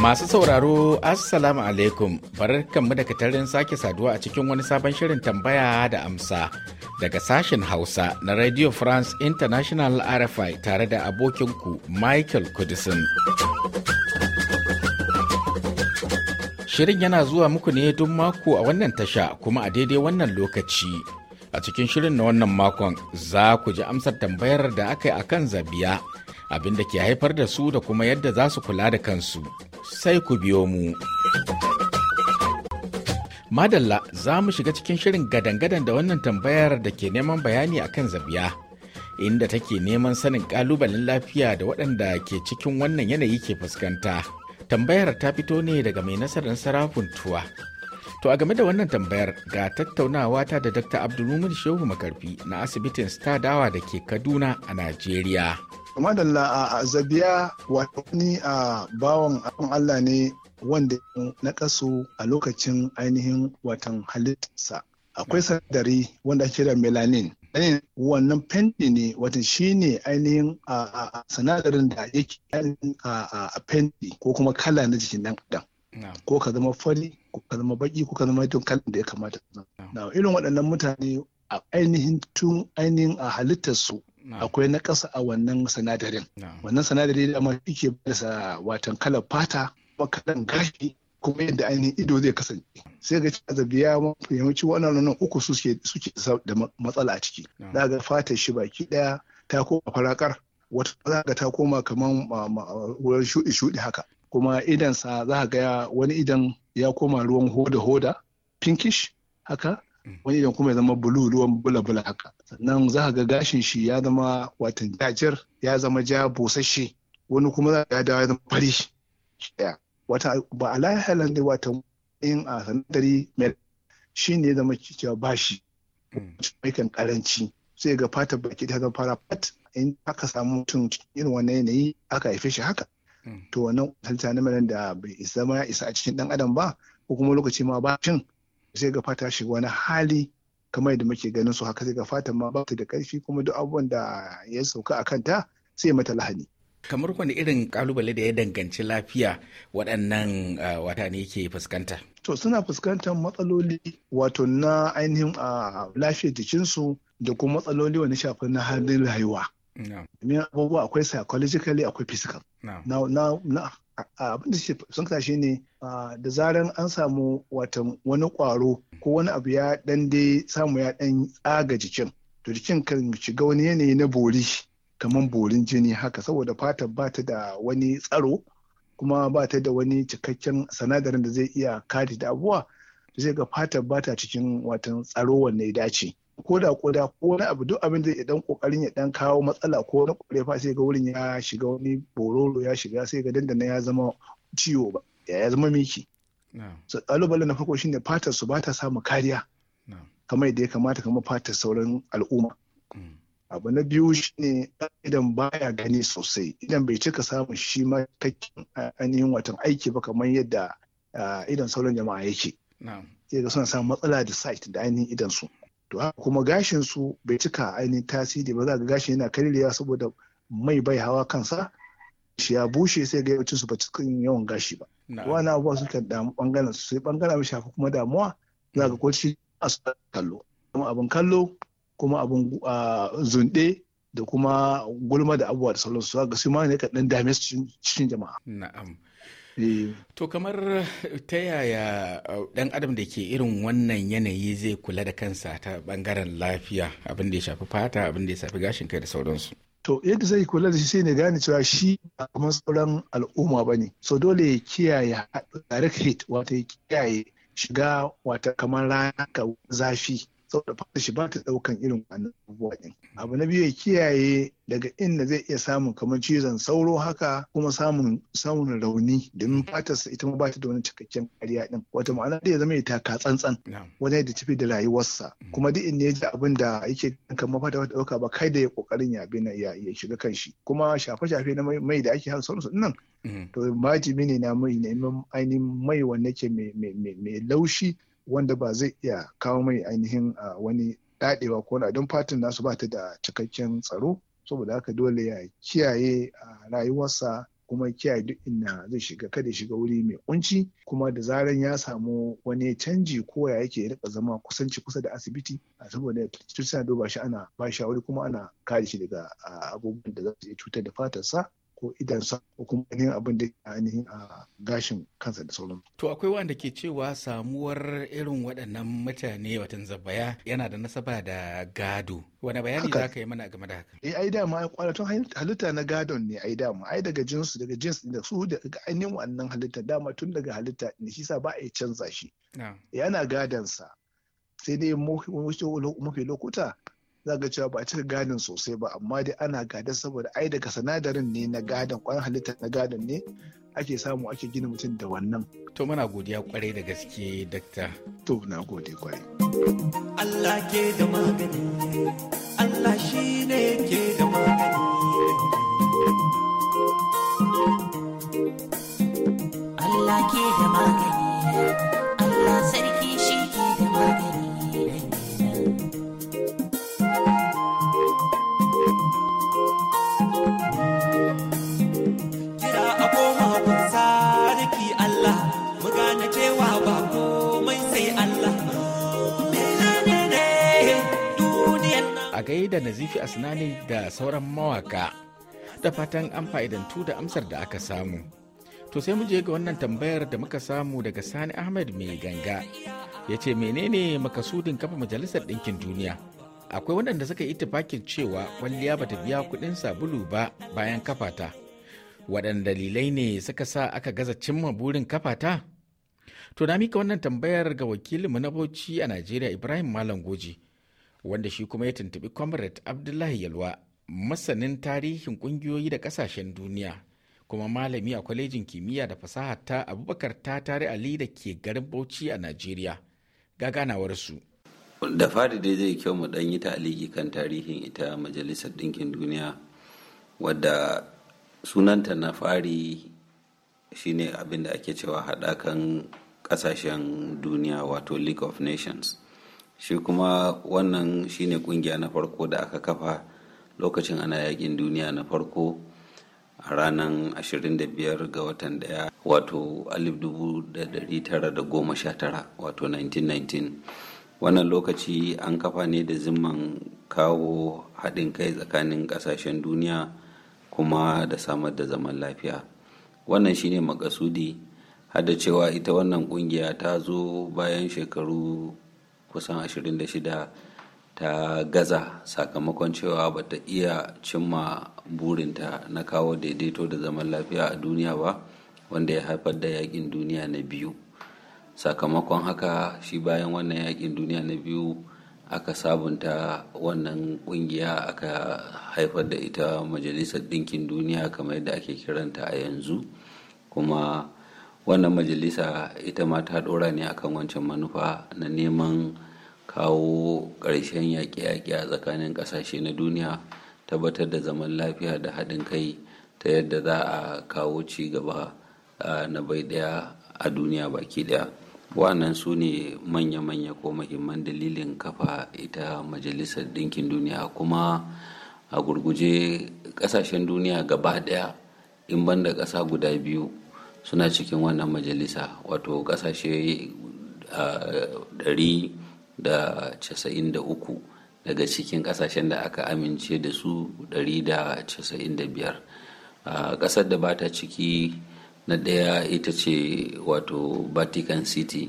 Masu sauraro, Assalamu alaikum, barar kanmu da katarin sake saduwa a cikin wani sabon shirin tambaya da amsa daga sashen Hausa na Radio France International RFI tare da abokinku Michael Kudisin. Shirin yana zuwa muku ne duk mako a wannan tasha kuma a daidai wannan lokaci. A cikin shirin na wannan makon za ku ji amsar tambayar da aka yi a kan zabiya, abin da ke haifar da su da kuma yadda za su kula da kansu. Sai ku biyo mu. Madalla za mu shiga cikin shirin gadan-gadan da wannan tambayar da ke neman bayani a kan zabiya. inda take neman sanin kalubalen lafiya da waɗanda ke cikin wannan yanayi ke fuskanta. Tambayar ta fito ne daga mai nasarar sarafin tuwa. To a game da wannan tambayar ga tattaunawa ta da Dr. Abdulmumin Shehu Makarfi na asibitin Dawa da ke Kaduna a Najeriya. Madalla a Zabiya wani a bawan abin Allah ne wanda na kaso a lokacin ainihin watan halittarsa. akwai hmm. sadari wanda ake da melanin ɗaya eh, wannan fenti ne wata shi ne ainihin sanadarin da yake a fenti ko kuma kala na jikin ɗan adam ko ka zama fari ko ka zama baki ko ka zama tun kalan da ya kamata na irin waɗannan mutane a ainihin tun ainihin a halittarsu akwai na ƙasa a wannan sanadarin wannan sanadarin da ma yake bada watan kalar fata kuma kalan gashi kuma yadda ainihin ido zai kasance sai ga azabi ya fahimci wannan uku suke suke da matsala a ciki za ga fatar shi baki daya ta koma farakar wata za ga ta koma kamar wurin shuɗi shuɗi haka kuma sa za ga wani idan ya koma ruwan hoda hoda pinkish haka mm. wani idan kuma ya zama bulu ruwan bula bula haka sannan za ga gashin shi ya zama watan jajir ya zama ja busasshe wani kuma za ga ya dawo ya zama fari wata ba ala halan da wata in a sanadari mai shi ne zama cewa shi. Hmm. mai kan karanci sai ga fata baki ta zama fara fat in aka samu mutum irin wannan yanayi aka haife shi haka hmm. to wannan halitta na da bai isa ma ya isa a cikin dan adam ba ko kuma lokaci ma ba cin sai ga fata shi wani hali kamar yadda muke ganin su haka sai ga fata ma ba ta da karfi kuma duk abubuwan da ya sauka a kanta sai mata lahani kamar wani irin kalubale da ya danganci lafiya waɗannan wata ne ke fuskanta to suna fuskantar matsaloli wato na ainihin lafiyar jikinsu da kuma matsaloli wani shafi na halin rayuwa domin abubuwa akwai psychologically akwai physical na abin da sun ne da zaran an samu watan wani kwaro ko wani abu ya dan dai samu ya dan tsaga jikin to jikin kan shiga wani yanayi na bori kamar borin jini haka saboda fatar ba ta da wani tsaro kuma ba ta da wani cikakken sanadarin da zai iya kare da abuwa zai ga fatar ba ta cikin watan tsaro wanne ya dace ko da ko da ko wani abu duk abin da ya dan kokarin ya dan kawo matsala ko wani fa sai ga wurin ya shiga wani bororo ya shiga sai ga dandana ya zama ciwo ba ya zama miki so kalubalen na farko shine fatar su ba ta samu kariya kamar yadda ya kamata kamar fatar sauran al'umma mm. abu na biyu shine idan baya gani sosai idan bai cika samun shi matakin ainihin watan aiki ba kamar yadda idan sauran jama'a yake sai ga suna samun matsala da site da ainihin idan su to haka kuma gashin su bai cika ainihin tasiri ba za ga gashin yana karyewa saboda mai bai hawa kansa shi ya bushe sai ga yawancin su ba cikin yawan gashi ba wani abubuwa su kan damu bangaren su sai bangaren shafi kuma damuwa za ga ko shi a kallo kuma abin kallo kuma abin zunɗe da kuma gulma da abubuwa da sauransu ga su ma ne kaɗan dame su cikin jama'a. Na'am. Eh. To kamar ta yaya uh, ɗan adam da ke irin wannan yanayi zai kula da kansa ta ɓangaren lafiya abin da ya shafi fata abin da ya shafi gashin kai da sauransu. To yadda zai kula da shi sai ne gane cewa shi ba kamar sauran al'umma ba ne. So dole ya kiyaye direct hit wata ya kiyaye shiga wata kamar rana zafi saboda fata shi ba ta daukan irin wannan abubuwa din abu na biyu ya kiyaye daga inda zai iya samun kamar cizon sauro haka kuma samun samun rauni domin fatarsa ita ma ba da wani cikakken kariya din wata ma'ana da ya zama ita ka tsantsan wani da tafi da rayuwarsa mm. kuma duk inda ya ji abin da yake kamar fata ba ta dauka ba kai da ya kokarin ya bi ya shiga kanshi kuma shafe-shafe na mai da ake haka sauransu nan mm. to majimi ne na mai neman ainihin mai wanda ke mai laushi wanda ba zai iya kawo mai ainihin wani daɗewa ko na don fatin nasu ba ta da cikakken tsaro saboda haka dole ya kiyaye rayuwarsa kuma kiyaye duk inda zai shiga kada ya shiga wuri mai kunci kuma da zaran ya samu wani canji ko ya yake ya rika zama kusanci kusa da asibiti a saboda cutar suna duba shi ana ba shawari kuma ana kare shi daga abubuwan da za su iya cutar da fatarsa ko idansa ko kuma ainihin abin da ainihin a gashin kansa da sauran. To akwai wanda ke cewa samuwar irin waɗannan mutane watan zabaya yana da nasaba da gado. Wane bayani za ka yi mana game da haka? Eh ai da dama tun halitta na gadon ne ai da ma ai daga jinsu daga jins da su daga ainihin wannan halitta dama tun daga halitta ne shi sa ba a canza shi. Yana sa, Sai dai mafi lokuta za ga cewa ba a cika gadon sosai ba amma dai ana gada saboda ai daga sinadarin ne na gadon kwan halitta na gadon ne ake samu ake gina mutum da wannan. To muna godiya kwarai da gaske dakta. To na gode kwarai. Allah ke da magani, Allah shi ne ke da magani. Allah ke da magani. da nazifi asnani da sauran mawaka da fatan an fa'idantu da amsar da aka samu to sai mu je ga wannan tambayar da muka samu daga sani ahmed mai ganga ya ce menene makasudin kafa majalisar ɗinkin duniya akwai waɗanda suka yi tufakin cewa kwalliya bata biya kuɗin sabulu ba bayan kafata waɗanda dalilai ne suka sa aka gaza cimma burin kafata to na mika wannan tambayar ga wakilinmu na bauchi a najeriya ibrahim malam goji wanda shi kuma ya tuntubi comrade abdullahi yalwa masanin tarihin kungiyoyi da kasashen duniya kuma malami a kwalejin kimiyya da fasaha ta abubakar ta tare ali da ke garin bauchi a najeriya ga su. da fari dai zai kyau mu ɗan yi ta aliki kan tarihin ita majalisar ɗinkin duniya wadda sunanta na fari shine abin da ake cewa kan ƙasashen duniya wato league of nations shi kuma wannan shine kungiya na farko da aka kafa lokacin ana yakin duniya na farko a ranar 25 ga watan daya wato 1919 wato 1919 wannan lokaci an kafa ne da zimman kawo haɗin kai tsakanin ƙasashen duniya kuma da samar da zaman lafiya wannan shine makasudi hada cewa ita wannan kungiya ta zo bayan shekaru kusan 26 ta gaza sakamakon cewa ba ta iya cimma burinta na kawo daidaito da zaman lafiya a duniya ba wanda ya haifar da yakin duniya na biyu sakamakon haka shi bayan wannan yakin duniya na biyu aka sabunta wannan kungiya aka haifar da ita majalisar ɗinkin duniya kamar yadda ake kiranta a yanzu kuma wannan majalisa ita ma ta dora ne akan wancan manufa na neman kawo ƙarshen yaƙe-yaƙe a tsakanin ƙasashe na duniya tabbatar da zaman lafiya da haɗin kai ta yadda za a kawo ci gaba na bai ɗaya a duniya baki ɗaya wannan su ne manya-manya ko mahimman dalilin kafa ita majalisar ɗinkin duniya kuma a gurguje ƙasashen duniya gaba ɗaya in banda ƙasa guda biyu suna cikin wannan majalisa wato kasashe uku daga cikin kasashen da aka amince da su 195 kasar da bata ciki na ɗaya ita ce wato vatican city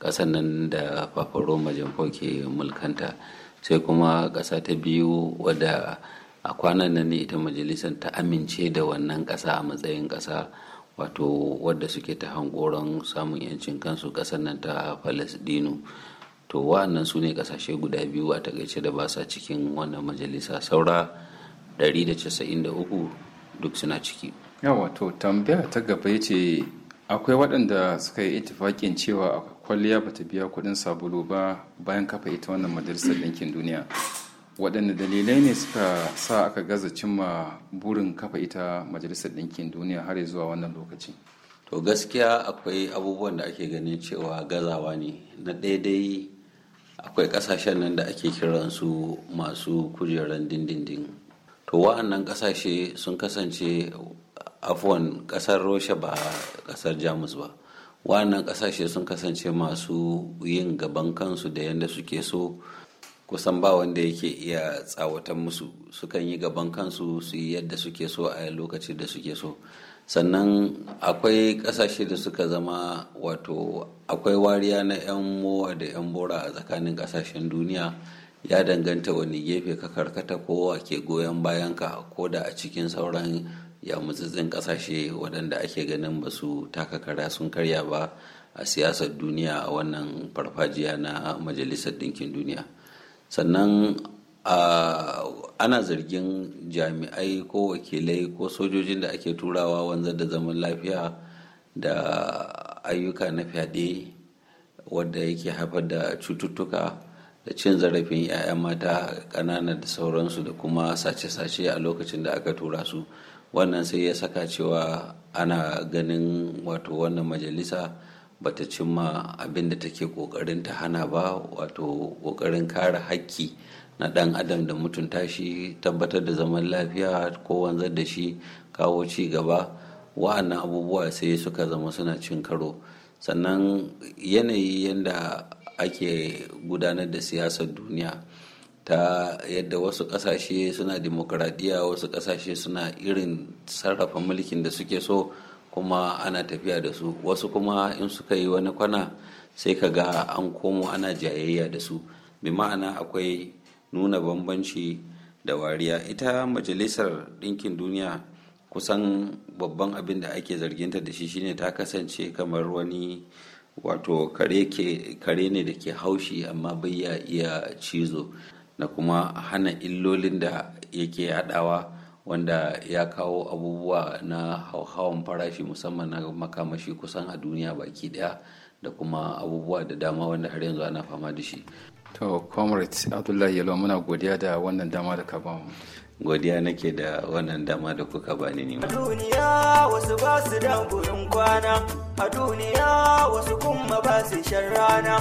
ƙasa nan da papa roma ke mulkanta sai kuma ƙasa ta biyu wadda a kwanan nan ne ita majalisar ta amince da wannan ƙasa a matsayin ƙasa wato wadda suke ta hankoron samun yancin kansu ƙasar nan ta dinu to wa'annan su ne ƙasashe guda biyu a takaice da ba sa cikin wannan majalisa saura 193 duk suna ciki yawa to tambaya ta gaba ya ce akwai waɗanda suka yi itifakin cewa kwalliya ba ta biya kuɗin sabulu ba bayan kafa ita wannan majalisar ɗinkin duniya waɗanne dalilai ne suka sa aka gaza cimma burin kafa ita majalisar ɗinkin duniya har zuwa wannan lokaci to gaskiya akwai abubuwan da ake ganin cewa gazawa ne na daidai akwai ƙasashen nan da ake kiransu masu kujeran dindindin to wa'annan ƙasashe sun kasance afuwan ƙasar rosha ba ƙasar jamus ba wa'annan ƙasashe sun kasance masu yin gaban kansu da yadda suke so kusan ba wanda yake iya tsawatan musu sukan yi gaban kansu su yi yadda suke so a lokacin da suke so sannan akwai kasashe da suka zama wato akwai wariya na 'yan mowa da 'yan bora a tsakanin kasashen duniya ya danganta wani gefe ka karkata kowa ke goyon bayanka ko da a cikin sauran yamutsitsin kasashe waɗanda ake ganin ba su taka kara sun karya ba a siyasar duniya a wannan farfajiya na majalisar ɗinkin duniya sannan ana zargin jami'ai ko wakilai ko sojojin da ake turawa wanzar da zaman lafiya da ayyuka na fyaɗe wadda yake haifar da cututtuka da cin zarafin 'ya'yan mata ƙanana da sauransu da kuma sace-sace a lokacin da aka tura su wannan sai ya saka cewa ana ganin wato wannan majalisa bata cimma abin da take kokarin ta hana ba wato kokarin kare hakki na dan adam da mutunta shi tabbatar da zaman lafiya ko wanzar da shi kawo ci gaba wa'annan abubuwa sai suka zama suna cin karo sannan yanayi yadda ake gudanar da siyasar duniya ta yadda wasu kasashe suna demokradiyya wasu kasashe suna irin sarrafa mulkin da suke so kuma ana tafiya da su wasu kuma in suka yi wani kwana sai ka ga an komo ana jayayya da su bi ma'ana akwai nuna bambanci da wariya ita majalisar ɗinkin duniya kusan babban abin da ake zarginta da shi shine ta kasance kamar wani wato kare ne da ke haushi amma bai iya cizo da kuma hana illolin da yake haɗawa wanda ya kawo abubuwa na hauhawan farashi musamman na makamashi kusan a duniya baki daya da kuma abubuwa da dama wanda har yanzu ana fama da shi to comrade abdullahi yalwa muna godiya da wannan dama da ka godiya nake da wannan dama da kuka bani nima. A duniya wasu ba su da gurin kwana, a duniya wasu kuma ba su shan rana,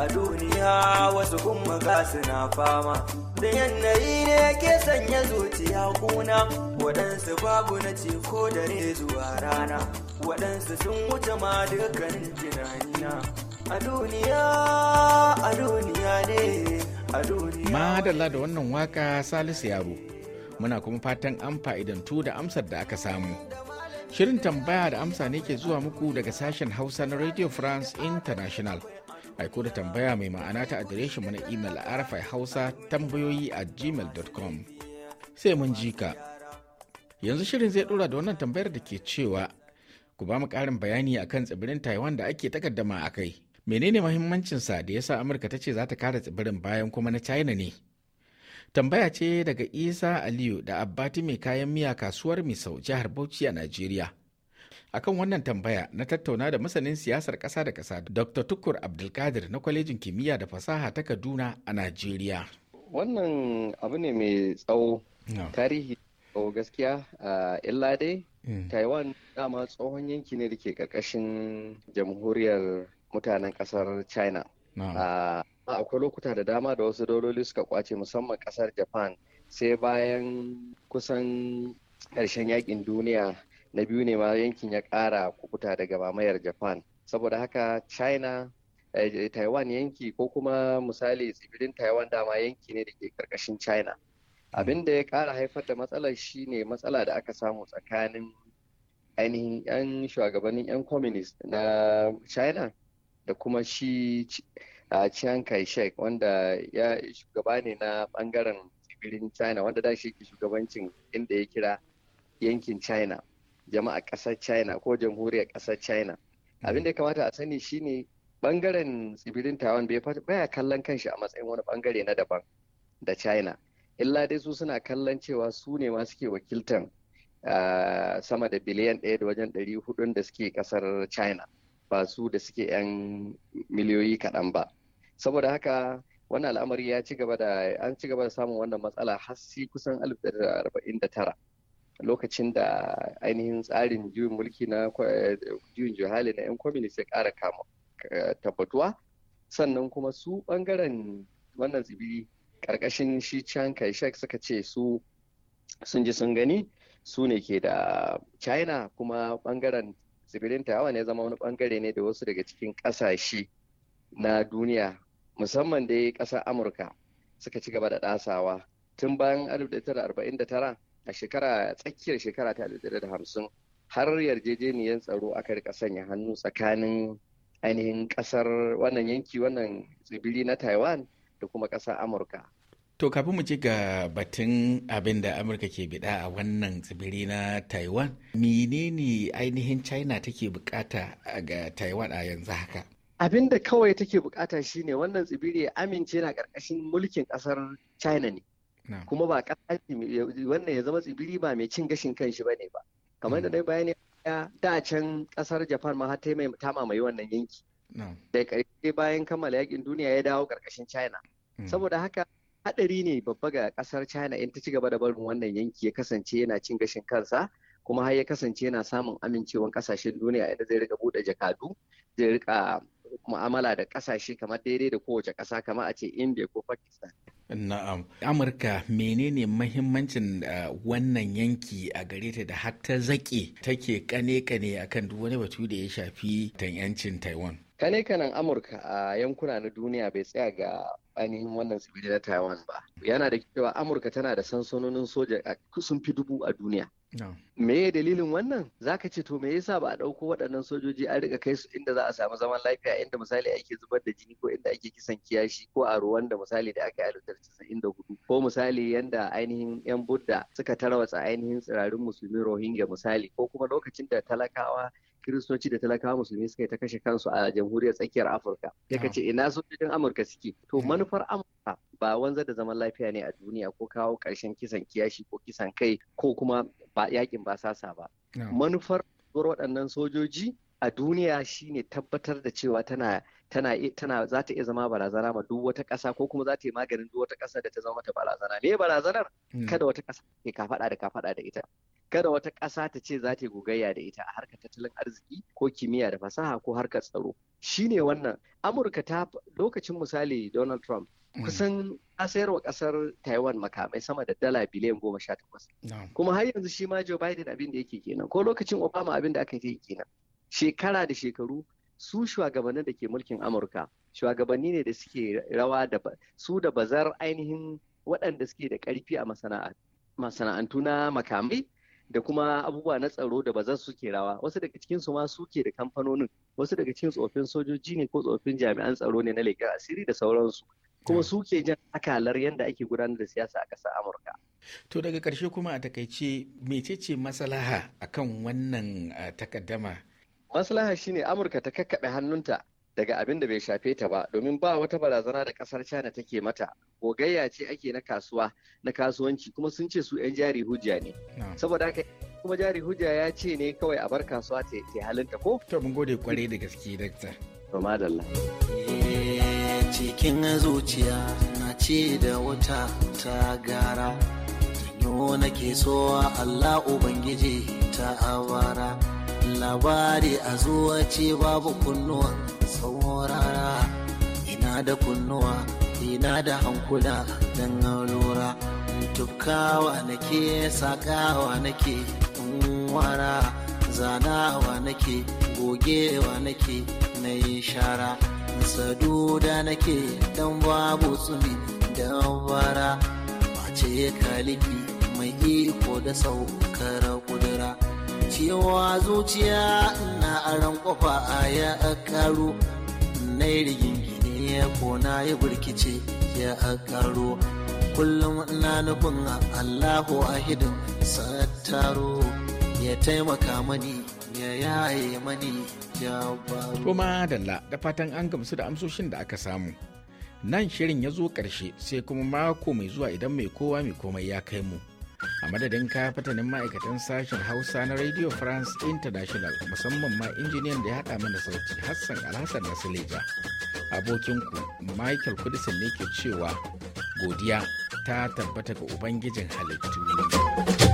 a duniya wasu kuma ga su na fama. da yanayi ne ke sanya zuciya kuna waɗansu babu na ce ko dare zuwa rana waɗansu sun wuce ma dukkanin tunanina a duniya a duniya ne a duniya madalla da wannan waka salisu yaro muna kuma fatan an fa'idantu da amsar da aka samu shirin tambaya da amsa ne ke zuwa muku daga sashen hausa na radio france international aiko da tambaya mai ma'ana ta mu na imel arafai hausa tambayoyi a gmail.com sai mun ji ka yanzu shirin zai dora da wannan tambayar da ke cewa ku ba mu karin bayani akan tsibirin taiwan da ake takaddama a kai menene mahimmancinsa da yasa amurka ta ce za ta kare tsibirin bayan kuma na china ne tambaya ce daga isa aliyu da abbati mai kayan miya kasuwar misau jihar bauchi a najeriya akan wannan tambaya na tattauna da masanin siyasar ƙasa da ƙasa dr tukur abdulkadir na kwalejin kimiyya da fasaha ta kaduna a najeriya wannan abu ne mai tsawo tarihi tsawo gaskiya a illa dai mm. taiwan dama tsohon yanki ne da ke ƙarƙashin jamhuriyar mutanen ƙasar china akwai lokuta da dama da wasu daloli suka kwace musamman ƙasar japan sai bayan kusan ƙarshen yakin duniya na biyu ne ma yankin ya kara kukuta daga mamayar japan saboda haka china eh, taiwan yanki ko kuma misali tsibirin taiwan dama yanki ne da ke karkashin china abin da ya kara haifar da matsalar shine matsala da aka samu tsakanin ainihin 'yan shugabannin 'yan communist na china da kuma shi a chiang kai-shek wanda ya shugaba ne na bangaren tsibirin china wanda da shi ke shugabancin inda ya kira yankin china jama'a ƙasar china ko jamhuriyar ƙasar china mm. abin da ya kamata a sani shine bangaren tsibirin taiwan baya kallon kanshi a matsayin wani bangare na daban da china illa dai su suna kallon cewa su ne ma suke wakiltan sama da biliyan ɗaya da wajen ɗari hudun da suke ƙasar china ba su da suke 'yan miliyoyi kaɗan ba saboda haka wannan al'amari ya ci gaba da an ci gaba da samun wannan matsala har sai kusan 1949 lokacin da ainihin tsarin juyin mulki na juyin juhali na 'yan communist ya kara kama eh, tabbatuwa sannan kuma su bangaren wannan tsibiri karkashin shi Chiang Kai-shek suka ce su sun ji sun gani su ne ke da China kuma bangaren tsibirin Taiwan ne zama wani bangare ne da wasu daga cikin kasashe na duniya musamman dai kasar Amurka suka ci gaba da ɗasawa tun bayan 1949 a shekara tsakiyar shekara ta da hamsin har yarjejeniyar tsaro aka rika sanya hannu tsakanin ainihin kasar wannan yanki wannan tsibiri na taiwan da kuma kasar amurka to kafin mu ci ga batun abin da amurka ke bida a wannan tsibiri na taiwan menene ainihin china take bukata ga taiwan a yanzu haka abin da kawai take bukata shine wannan tsibiri amince na karkashin mulkin kasar china ne kuma ba ƙasa wannan ya zama tsibiri ba mai cin gashin kanshi ba ne ba kamar da bayan mm. bayani da can kasar japan ma ta mai ta mamaye wannan yanki da karshe bayan kammala yakin duniya ya dawo karkashin china mm. saboda haka haɗari ne babba ga kasar china in ta ci gaba da barin wannan yanki ya kasance yana cin gashin kansa kuma har ya kasance yana samun amincewan kasashen duniya inda zai rika bude jakadu zai rika mu'amala da ƙasashe kamar daidai da kowace ƙasa kamar a ce India ko Pakistan. Na'am. Amurka menene mahimmancin uh, wannan yanki a gare ta da har ta zaƙe take kane-kane akan duk wani batu da ya shafi 'yancin Taiwan? kane kanan amurka a yankuna na duniya bai tsaya ga ainihin wannan tsibiri na taiwan ba yana da cewa amurka tana da sansanonin soja sun fi dubu a duniya me ya dalilin wannan zaka ce to me yasa ba a ɗauko waɗannan sojoji an riga kai su inda za a samu zaman lafiya inda misali ake zubar da jini ko inda ake kisan kiyashi ko a ruwan da misali da aka yi alitar casa'in da hudu ko misali yanda ainihin yan budda suka tarwatsa ainihin tsirarin musulmi rohingya misali ko kuma lokacin da talakawa kiristoci da talakawa musulmi suka yi ta kashe kansu a jamhuriyar tsakiyar afirka ya kace ah. ina sojojin amurka suke to eh. manufar amurka ba wanza da zaman lafiya ne a duniya ko kawo karshen kisan kiyashi ko kisan kai ko kuma ba yakin ba sasa ba manufar waɗannan sojoji a duniya shine tabbatar da cewa tana tana tana za ta iya zama barazana ma duk wata ƙasa ko kuma za ta yi maganin duk wata ƙasa da ta zama ta barazana me barazanar kada wata ƙasa ke ka faɗa da ka faɗa da ita kada wata ƙasa ta ce za ta gogayya da ita a harkar tattalin arziki ko kimiyya da fasaha ko harkar tsaro shine wannan amurka ta lokacin misali donald trump hmm. kusan a wa kasar taiwan makamai sama da dala biliyan goma sha takwas kuma har yanzu shi ma joe biden abin da yake kenan ko lokacin obama abin da aka yi kenan shekara da shekaru su shugabannin da ke mulkin amurka shugabanni ne da suke rawa da su da bazar ainihin waɗanda suke da ƙarfi a masana'antu na makamai da kuma abubuwa na tsaro da bazan suke rawa wasu daga cikin su ma suke da kamfanonin wasu daga cikin tsofin sojoji ne ko tsofin jami'an tsaro ne na leƙen asiri da sauransu kuma suke jan akalar yadda ake gudanar da siyasa a ƙasar amurka to daga ƙarshe kuma a takaice mecece maslaha akan wannan eh, takaddama maslaha shine amurka ta kakkaɓe hannunta daga abin da bai shafe ta ba domin ba wata barazana da kasar china take mata gogayya ce ake na kasuwa na kasuwanci kuma sun ce su 'yan jari hujja ne saboda haka kuma jari hujja ya ce ne kawai a bar kasuwa ta halinta ko to mun gode kwarai da gaske dakta to madalla cikin zuciya na ce da wata ta gara nake so Allah Ubangiji ta awara. labari a zuwa ce babu kunnuwa saurara ina da kunnuwa ina da hankula don lura tukawa nake sakawa nake wara zanawa ke, gogewa nake na yi shara saduda nake dan babu tsumi don bara mace kalifi mai iko da saukar kudura cewa zuciya na ran kofa a ya karo na rigingine ya kona ya burkice ya karo kullum na nufin allahu ahidin sattaro ya taimaka mani ya yaye mani ya baro. Toma Dalla da fatan an gamsu da amsoshin da aka samu. Nan shirin ya zo ƙarshe sai kuma mako mai zuwa idan mai kowa mai komai ya kai mu. a madadin fatanin ma'aikatan sashen hausa na radio france international musamman ma injiniyan da ya haɗa mana sauti hassan alhassan nasileja abokinku michael kudisin ne ke cewa godiya ta tabbata ga ubangijin halittu